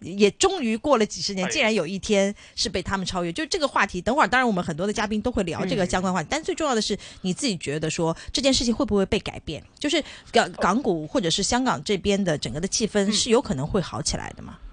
也終於過了幾十年，竟然有一天是被他們超越。就這個話題，等會兒當然我們很多的嘉賓都會聊這個相關話題，但最重要的是你自己覺得說這件事情會不會被改變？就是港港股或者是香港這邊的整個的氣氛是有可能會好起來的嗎？嗯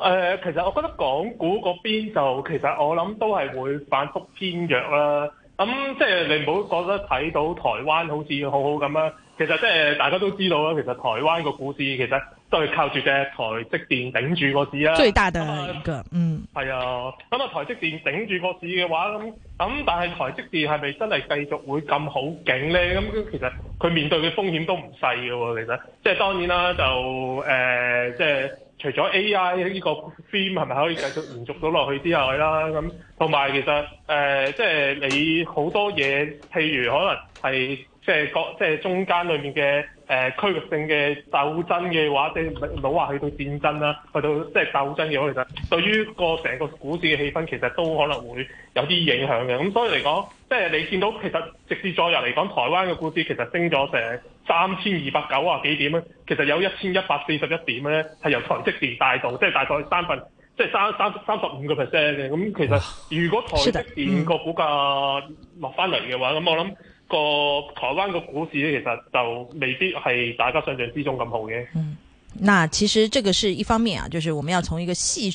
嗯，呃，其實我覺得港股嗰邊就其實我諗都係會反復偏弱啦。咁、嗯，即係你唔好覺得睇到台灣好似好好咁啊。其實即係大家都知道啦，其實台灣個股市其實。都係靠住隻台積電頂住個市啦、啊。最大嘅一個，啊、嗯，係啊。咁啊，台積電頂住個市嘅話，咁咁，但係台積電係咪真係繼續會咁好勁咧？咁其實佢面對嘅風險都唔細嘅喎。其實，即係當然啦，就誒、呃，即係除咗 A I 呢個 theme 係咪可以繼續延續到落去之外啦，咁同埋其實誒、呃，即係你好多嘢，譬如可能係。即、就、係、是、各即係、就是、中間裏面嘅誒、呃、區域性嘅鬥爭嘅話，即係唔好話去到戰爭啦、啊，去到即係鬥爭嘅話，其實對於個成個股市嘅氣氛，其實都可能會有啲影響嘅。咁所以嚟講，即、就、係、是、你見到其實直至再入嚟講，台灣嘅股市其實升咗成三千二百九啊幾點咧，其實有一千一百四十一點咧，係由台積電帶到，即、就、係、是、大概三分即係三三三十五個 percent 嘅。咁、就是、其實如果台積電個股價落翻嚟嘅話，咁我諗。個台灣嘅股市咧，其實就未必係大家想像之中咁好嘅。嗯，那其實這個是一方面啊，就是我們要從一個細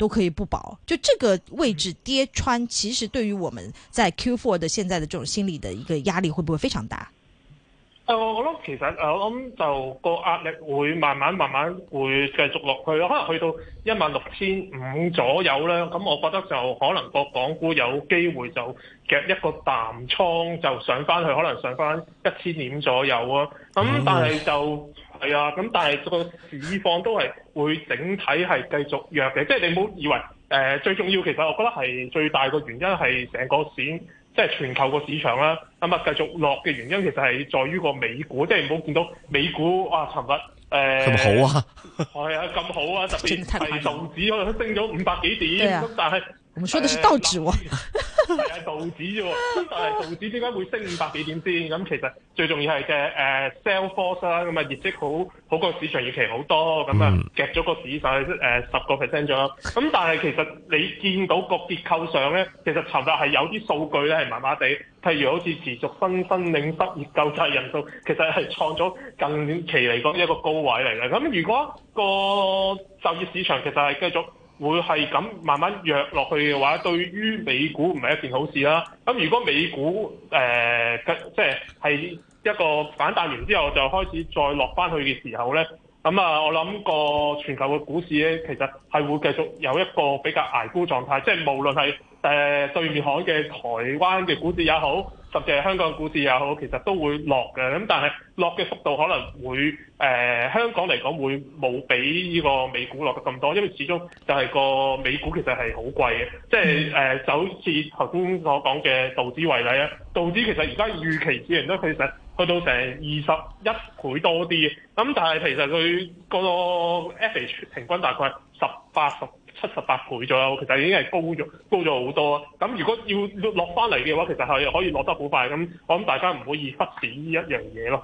都可以不保，就這個位置跌穿，其實對於我們在 Q4 的現在的這種心理的一個壓力，會不會非常大？誒、呃，我諗其實誒，我諗就個壓力會慢慢慢慢會繼續落去咯，可能去到一萬六千五左右啦。咁我覺得就可能個港股有機會就夾一個淡倉就上翻去，可能上翻一千點左右啊。咁但係就。 係啊，咁但係個市況都係會整體係繼續弱嘅，即係你唔好以為誒、呃、最重要，其實我覺得係最大個原因係成個市，即係全球個市場啦，今日繼續落嘅原因，其實係在於個美股，即係唔好見到美股啊，尋日誒好啊，係啊咁好別 啊，特別係道指升咗五百幾點，但係我們說的是道指喎。呃 係啊，道指啫喎，但係道指點解會升五百幾點先？咁其實最重要係嘅誒，Salesforce 啦，咁啊業績好好過市場預期好多，咁、mm. 啊夾咗個指數誒十個 percent 咗，咁、uh, 但係其實你見到個結構上咧，其實尋日係有啲數據咧係麻麻地，譬如好似持續新新領失業救濟人數，其實係創咗近期嚟講一個高位嚟嘅。咁如果個就業市場其實係繼續，會係咁慢慢弱落去嘅話，對於美股唔係一件好事啦。咁如果美股誒、呃、即係係一個反彈完之後就開始再落翻去嘅時候呢，咁啊，我諗個全球嘅股市呢，其實係會繼續有一個比較捱沽狀態，即係無論係誒對面海嘅台灣嘅股市也好。甚至係香港股市也好，其實都會落嘅。咁但係落嘅幅度可能會誒、呃、香港嚟講會冇俾呢個美股落得咁多，因為始終就係個美股其實係好貴嘅。即係誒就好似頭先所講嘅道指為例啦，道指其實而家預期指數都其實去到成二十一倍多啲嘅。咁但係其實佢個 a 平均大概十八十七十八倍左右，其實已經係高咗，高咗好多。咁如果要落翻嚟嘅話，其實係可以落得好快。咁我諗大家唔可以忽視呢一樣嘢咯。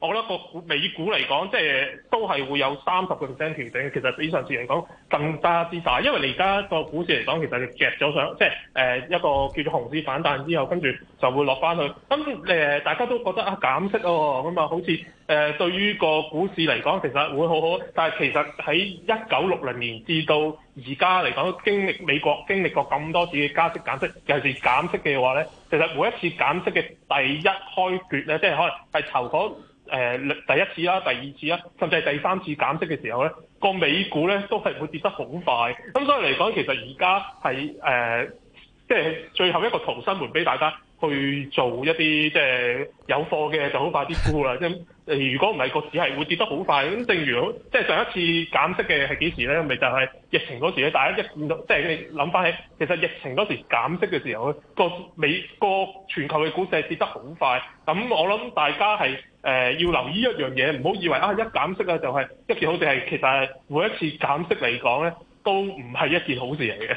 我覺得個美股嚟講，即係都係會有三十個 percent 調整。其實比上次嚟講更加之大，因為你而家個股市嚟講，其實你夾咗上，即係誒一個叫做熊市反彈之後，跟住就會落翻去。咁誒大家都覺得啊減息喎，咁啊好似誒對於個股市嚟講，其實會好好。但係其實喺一九六零年至到而家嚟講，經歷美國經歷過咁多次嘅加息減息，尤其是減息嘅話咧，其實每一次減息嘅第一開端咧，即係可能係頭嗰。誒、呃、第一次啦，第二次啦，甚至係第三次減息嘅時候咧，個美股咧都係會跌得好快。咁所以嚟講，其實而家係誒，即係最後一個逃生門俾大家去做一啲即係有貨嘅，就好快啲沽啦。即如果唔係個市係會跌得好快，咁正如即係、就是、上一次減息嘅係幾時咧？咪就係、是、疫情嗰時咧，大家一見到，即係你諗翻起，其實疫情嗰時減息嘅時候咧，個美個全球嘅股市係跌得好快。咁我諗大家係、呃、要留意一樣嘢，唔好以為啊一減息啊就係、是、一件好事，係其實每一次減息嚟講咧，都唔係一件好事嚟嘅。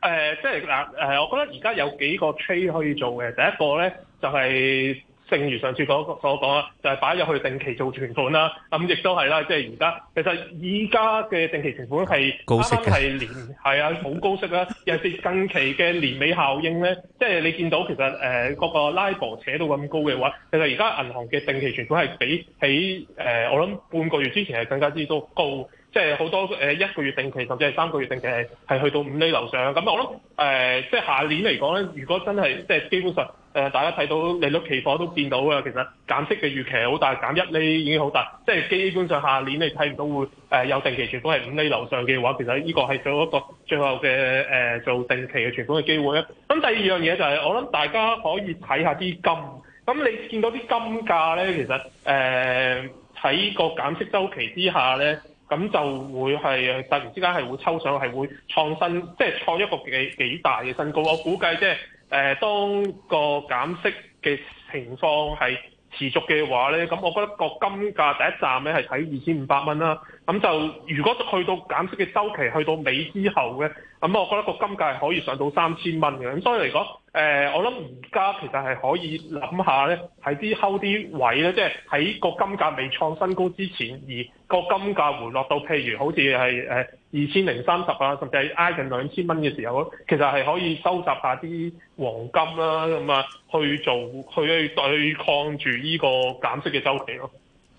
誒、呃，即係嗱、呃，我覺得而家有幾個 trade 可以做嘅。第一個咧，就係、是、正如上次所所講啦，就係擺入去定期做存款啦。咁、嗯、亦都係啦，即係而家其實而家嘅定期存款係啱係年係 啊，好高息啦。尤其是近期嘅年尾效應咧，即係你見到其實誒嗰、呃、個 LIBOR 扯到咁高嘅話，其實而家銀行嘅定期存款係比起誒、呃、我諗半個月之前係更加之都高。即係好多誒一個月定期，甚至係三個月定期，係去到五厘樓上。咁我諗誒、呃，即係下年嚟講咧，如果真係即係基本上、呃、大家睇到利率期貨都見到嘅，其實減息嘅預期好大，減一厘已經好大。即係基本上下年你睇唔到會誒、呃、有定期存款係五厘樓上嘅話，其實呢個係做一個最後嘅誒、呃、做定期嘅存款嘅機會。咁第二樣嘢就係、是、我諗大家可以睇下啲金。咁你見到啲金價咧，其實誒喺、呃、個減息周期之下咧。咁就會係突然之間係會抽上，係會創新，即係創一個幾幾大嘅新高。我估計即係誒，當個減息嘅情況係。持續嘅話咧，咁我覺得個金價第一站咧係睇二千五百蚊啦。咁就如果去到減息嘅週期去到尾之後咧，咁我覺得個金價係可以上到三千蚊嘅。咁所以嚟講，誒、呃，我諗而家其實係可以諗下咧，喺啲收啲位咧，即係喺個金價未創新高之前，而個金價回落到譬如好似係二千零三十啊，甚至係挨近兩千蚊嘅時候，其實係可以收集下啲黃金啦，咁啊去做去去對抗住呢個減息嘅周期咯。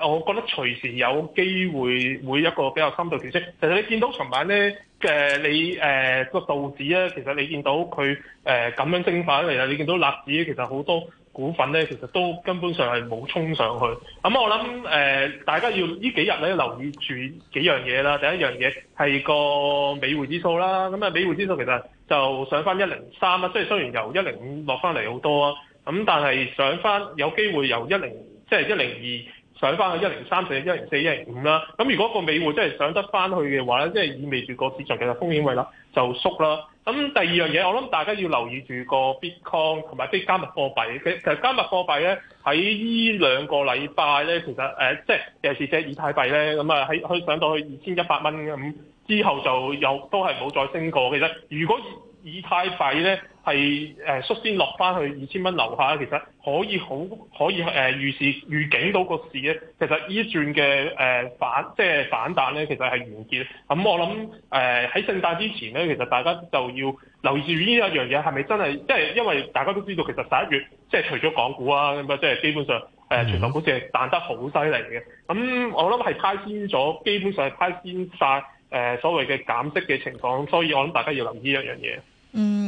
我覺得隨時有機會會一個比較深度調整、呃呃啊。其實你見到尋晚咧嘅你誒個道指咧，其實你見到佢誒咁樣升翻嚟啊！你見到納指，其實好多股份咧，其實都根本上係冇衝上去那麼想。咁我諗誒大家要幾呢幾日咧留意住幾樣嘢啦。第一樣嘢係個美匯指數啦。咁啊，美匯指數其實就上翻一零三啦。即係雖然由一零五落翻嚟好多啊，咁但係上翻有機會由一零即係一零二。上翻去一零三四、一零四、一零五啦。咁如果個美匯真係上得翻去嘅話咧，即係意味住個市場其實風險位啦就縮啦。咁第二樣嘢我諗大家要留意住個 Bitcoin 同埋啲加密貨幣。其實加密貨幣咧喺依兩個禮拜咧，其實、呃、即係尤其是隻以太幣咧，咁啊，喺去上到去二千一百蚊咁之後就又都係冇再升過。其實如果以太幣咧。係誒、呃、率先落翻去二千蚊樓下咧，其實可以好可以誒、呃、預示預警到個事咧，其實呢轉嘅誒反即係反彈咧，其實係完結。咁、嗯、我諗誒喺聖誕之前咧，其實大家就要留意住呢一樣嘢係咪真係即係因為大家都知道其實十一月即係除咗港股啊咁啊，即係基本上誒傳統股市係彈得好犀利嘅。咁、嗯、我諗係派先咗，基本上係派先晒誒所謂嘅減息嘅情況，所以我諗大家要留意呢樣樣嘢。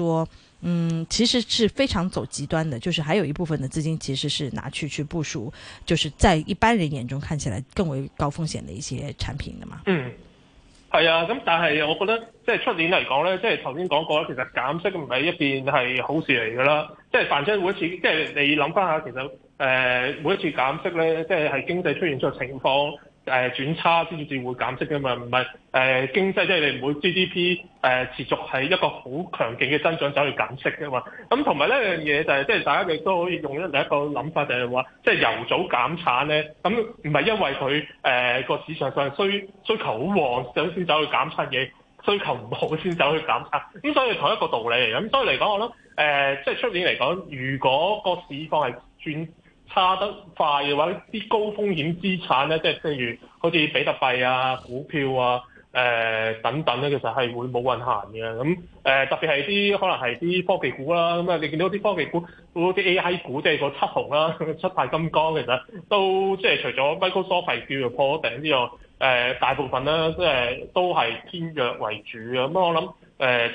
說，嗯，其實是非常走極端的，就是還有一部分的資金其實是拿去去部署，就是在一般人眼中看起來更為高風險的一些產品的嘛。嗯，係啊，咁但係我覺得即係出年嚟講咧，即係頭先講過，其實減息唔係一邊係好事嚟噶啦，即係反正每一次，即係你諗翻下，其實誒、呃、每一次減息咧，即係係經濟出現咗情況。誒轉差先至會減息嘅嘛，唔係誒經濟即係、就是、你唔會 GDP 誒、呃、持續喺一個好強勁嘅增長走去減息嘅嘛。咁同埋呢樣嘢就係即係大家亦都可以用一第一個諗法就係、是、話，即、就、係、是、由早減產咧，咁唔係因為佢誒個市場上需需求好旺，想先走去減產嘅需求唔好先走去減產。咁所以同一個道理嚟咁。所以嚟講，我諗誒即係出年嚟講，如果個市況係轉差得快嘅話，啲高風險資產咧，即係譬如好似比特幣啊、股票啊、誒、呃、等等咧，其實係會冇運行嘅。咁誒、呃、特別係啲可能係啲科技股啦。咁啊，你見到啲科技股，嗰啲 AI 股即係個七雄啦、啊，七大金剛其實都即係、就是、除咗 Microsoft 係叫做破頂之、這、外、個，誒、呃、大部分咧、啊、即、就是、都係偏弱為主。咁我諗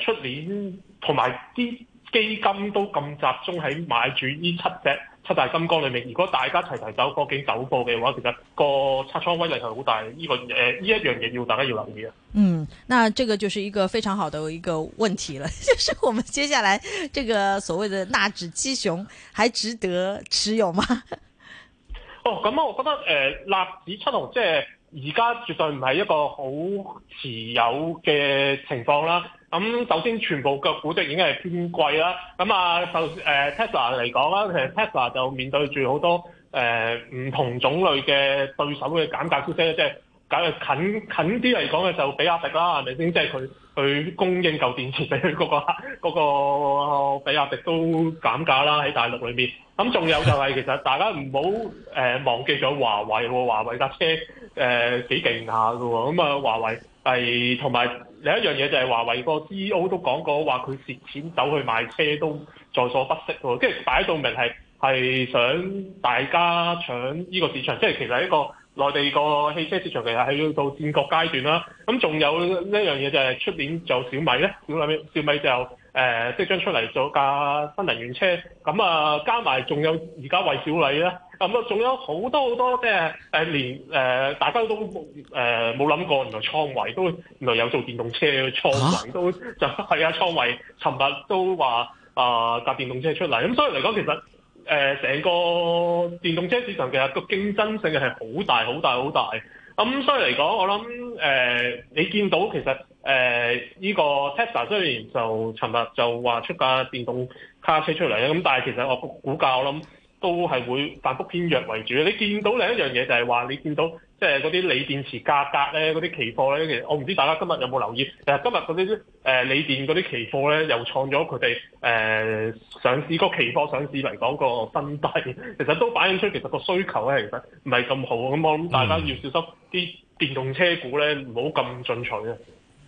誒出年同埋啲基金都咁集中喺買住呢七隻。七大金剛裏面，如果大家齊齊走過，究竟走過嘅話，其實個拆倉威力係好大。呢、這個誒，依、呃、一樣嘢要大家要留意啊。嗯，那這個就是一個非常好的一個問題了， 就是我們接下來這個所謂的納指七雄還值得持有嗎？哦，咁啊，我覺得誒納、呃、指七雄即係而家絕對唔係一個好持有嘅情況啦。咁首先全部嘅估值都已經係偏貴啦。咁、嗯、啊，就誒 Tesla 嚟講啦，其實 Tesla 就面對住好多誒唔、呃、同種類嘅對手嘅減價措施，即、就、係、是、近近啲嚟講嘅就比亞迪啦，係咪先？即係佢佢供應舊電池佢嗰、那個嗰、那個、那個啊、比亞迪都減價啦喺大陸裏面。咁、嗯、仲有就係、是、其實大家唔好誒忘記咗華為，華為搭車誒幾勁下㗎喎。咁、呃、啊、嗯，華為係同埋。另一樣嘢就係華為個 CEO 都講過話佢蝕錢走去買車都在所不惜喎，跟住擺到明係係想大家搶呢個市場，即係其實一個內地個汽車市場其實係要到戰國階段啦。咁仲有呢樣嘢就係出年就小米咧，小米小米就。誒、呃、即將將出嚟做架新能源車，咁啊加埋仲有而家蔚小理咧，咁啊仲有好多好多即係誒連、呃、大家都冇冇諗過，原來創維都原來有做電動車，創維都就係啊創、 啊、維尋日都話啊搭電動車出嚟，咁、嗯、所以嚟講其實誒成、呃、個電動車市場其實個競爭性係好大好大好大，咁、嗯、所以嚟講我諗誒、呃、你見到其實。誒、呃、呢、這個 Tesla 雖然就尋日就話出架電動卡車出嚟，咁但係其實我估價我諗都係會反覆偏弱為主。你見到另一樣嘢就係話你見到即係嗰啲鋰電池價格咧，嗰啲期貨咧，其實我唔知大家今日有冇留意？但係今日嗰啲誒鋰電嗰啲期貨咧，又創咗佢哋誒上市、個期貨上市嚟講、個新低。其實都反映出其實個需求咧，其實唔係咁好。咁我諗大家要小心啲、嗯、電動車股咧，唔好咁進取啊！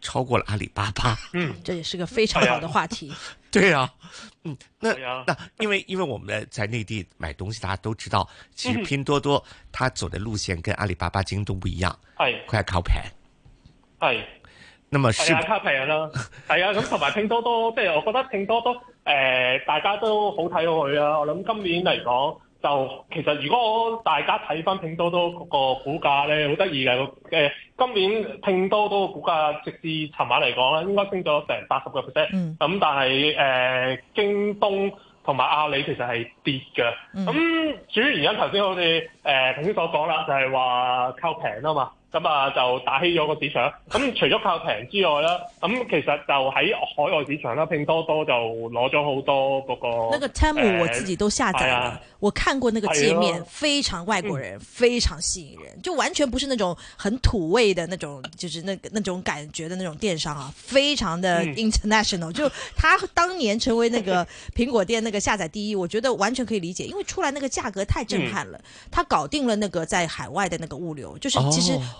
超過了阿里巴巴，嗯， 這也是個非常好的話題。嗯、對，啊 對啊，嗯，那、啊、那因為因為我們在內地買東西，大家都知道，其實拼多多它走的路線跟阿里巴巴京東不一樣，係、嗯、快靠平，係，那麼是靠平啦，係啊，咁同埋拼多多，即 係我覺得拼多多誒、呃，大家都好睇好佢啊，我諗今年嚟講。就其實，如果大家睇翻拼多多嗰個股價咧，好得意嘅。誒，今年拼多多個股價直至尋晚嚟講咧，應該升咗成八十個 percent。咁、嗯、但係誒、呃，京東同埋阿里其實係跌嘅。咁主要原因頭先我哋誒頭先所講啦，就係、是、話靠平啊嘛。.咁啊，就打起咗個市場。咁、嗯、除咗靠平之外啦，咁、嗯、其實就喺海外市場啦，拼多多就攞咗好多嗰、那個。那個，Temu、呃、我自己都下載了，哎、我看過那個界面，非常外國人、嗯，非常吸引人，就完全不是那種很土味的那種，就是那那種感覺的那種電商啊，非常的 international、嗯。就他當年成為那個蘋果店那個下載第一， 我覺得完全可以理解，因為出來那個價格太震撼了，他、嗯、搞定了那個在海外的那個物流，就是其實、哦。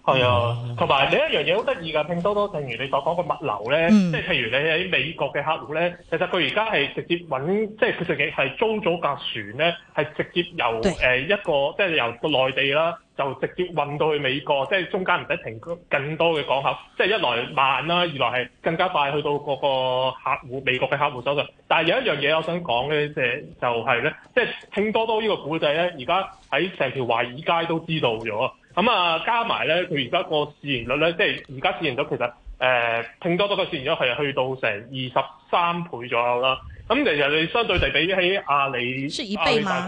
係 啊，同埋另一樣嘢好得意㗎，拼多多正如你所講個物流咧，即、嗯、係譬如你喺美國嘅客戶咧，其實佢而家係直接揾，即係佢自己係租咗架船咧，係直接由、呃、一個，即、就、係、是、由個內地啦，就直接運到去美國，即、就、係、是、中間唔使停咁多嘅港口，即、就、係、是、一來慢啦、啊，二來係更加快去到嗰個客戶美國嘅客戶手上。但係有一樣嘢我想講咧，即就係、是、咧，即、就、係、是、拼多多個呢個故仔咧，而家喺成條華爾街都知道咗。咁啊，加埋咧，佢而家個市盈率咧，即係而家市盈率，其實誒、呃、拼多多嘅市盈率係去到成二十三倍左右啦。咁其實你相對地比起阿里，阿、啊、里、 啊、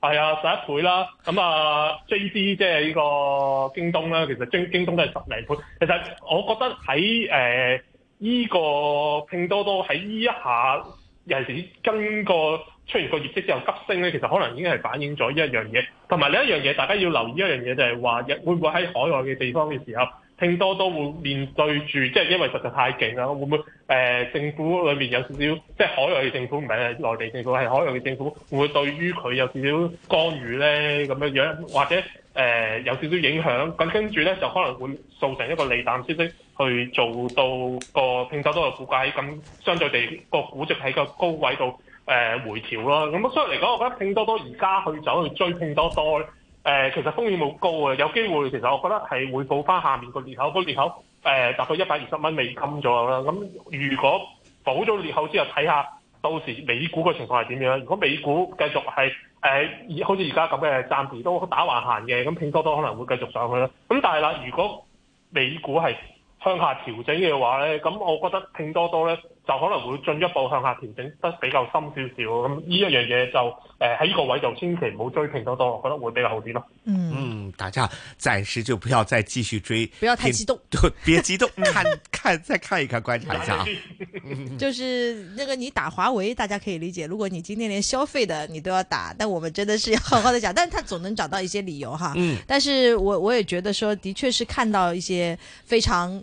大概十係 啊十一倍啦。咁、嗯、啊、呃、JD 即係呢個京東啦，其實京京東都係十零倍。其實我覺得喺誒呢個拼多多喺呢一下，尤其是跟個。出完個業績之後急升咧，其實可能已經係反映咗一樣嘢，同埋另一樣嘢，大家要留意一樣嘢就係話，日會唔會喺海外嘅地方嘅時候，拼多多會面對住，即係因為實在太勁啦，會唔會誒、呃、政府裏面有少少，即係海外嘅政府唔係內地政府，係海外嘅政府會,會對於佢有少少干預咧咁樣樣，或者誒、呃、有少少影響，咁跟住咧就可能會造成一個利淡消息，去做到個拼多多嘅股價喺咁相對地個估值喺個高位度。誒回調啦咁所以嚟講，我覺得拼多多而家去走去追拼多多，其實風險好高啊。有機會其實我覺得係會補翻下面個裂口，個裂口誒、呃、大概一百二十蚊美金左右啦。咁如果補咗裂口之後，睇下到時美股嘅情況係點樣。如果美股繼續係、呃、好似而家咁嘅暫時都打橫行嘅，咁拼多多可能會繼續上去啦。咁但係啦，如果美股係向下調整嘅話咧，咁我覺得拼多多咧。就可能會進一步向下調整得比較深少少，咁依一樣嘢就誒喺依個位就千祈唔好追拼多多，我覺得會比較好啲咯。嗯，大家暫時就不要再繼續追，不要太激動，對，別激動， 看看再看一看，觀察一下啊、 嗯。就是那個你打華為，大家可以理解。如果你今天連消費的你都要打，但我們真的是要好好的講。 但是他總能找到一些理由哈。嗯，但是我我也覺得說，的確是看到一些非常。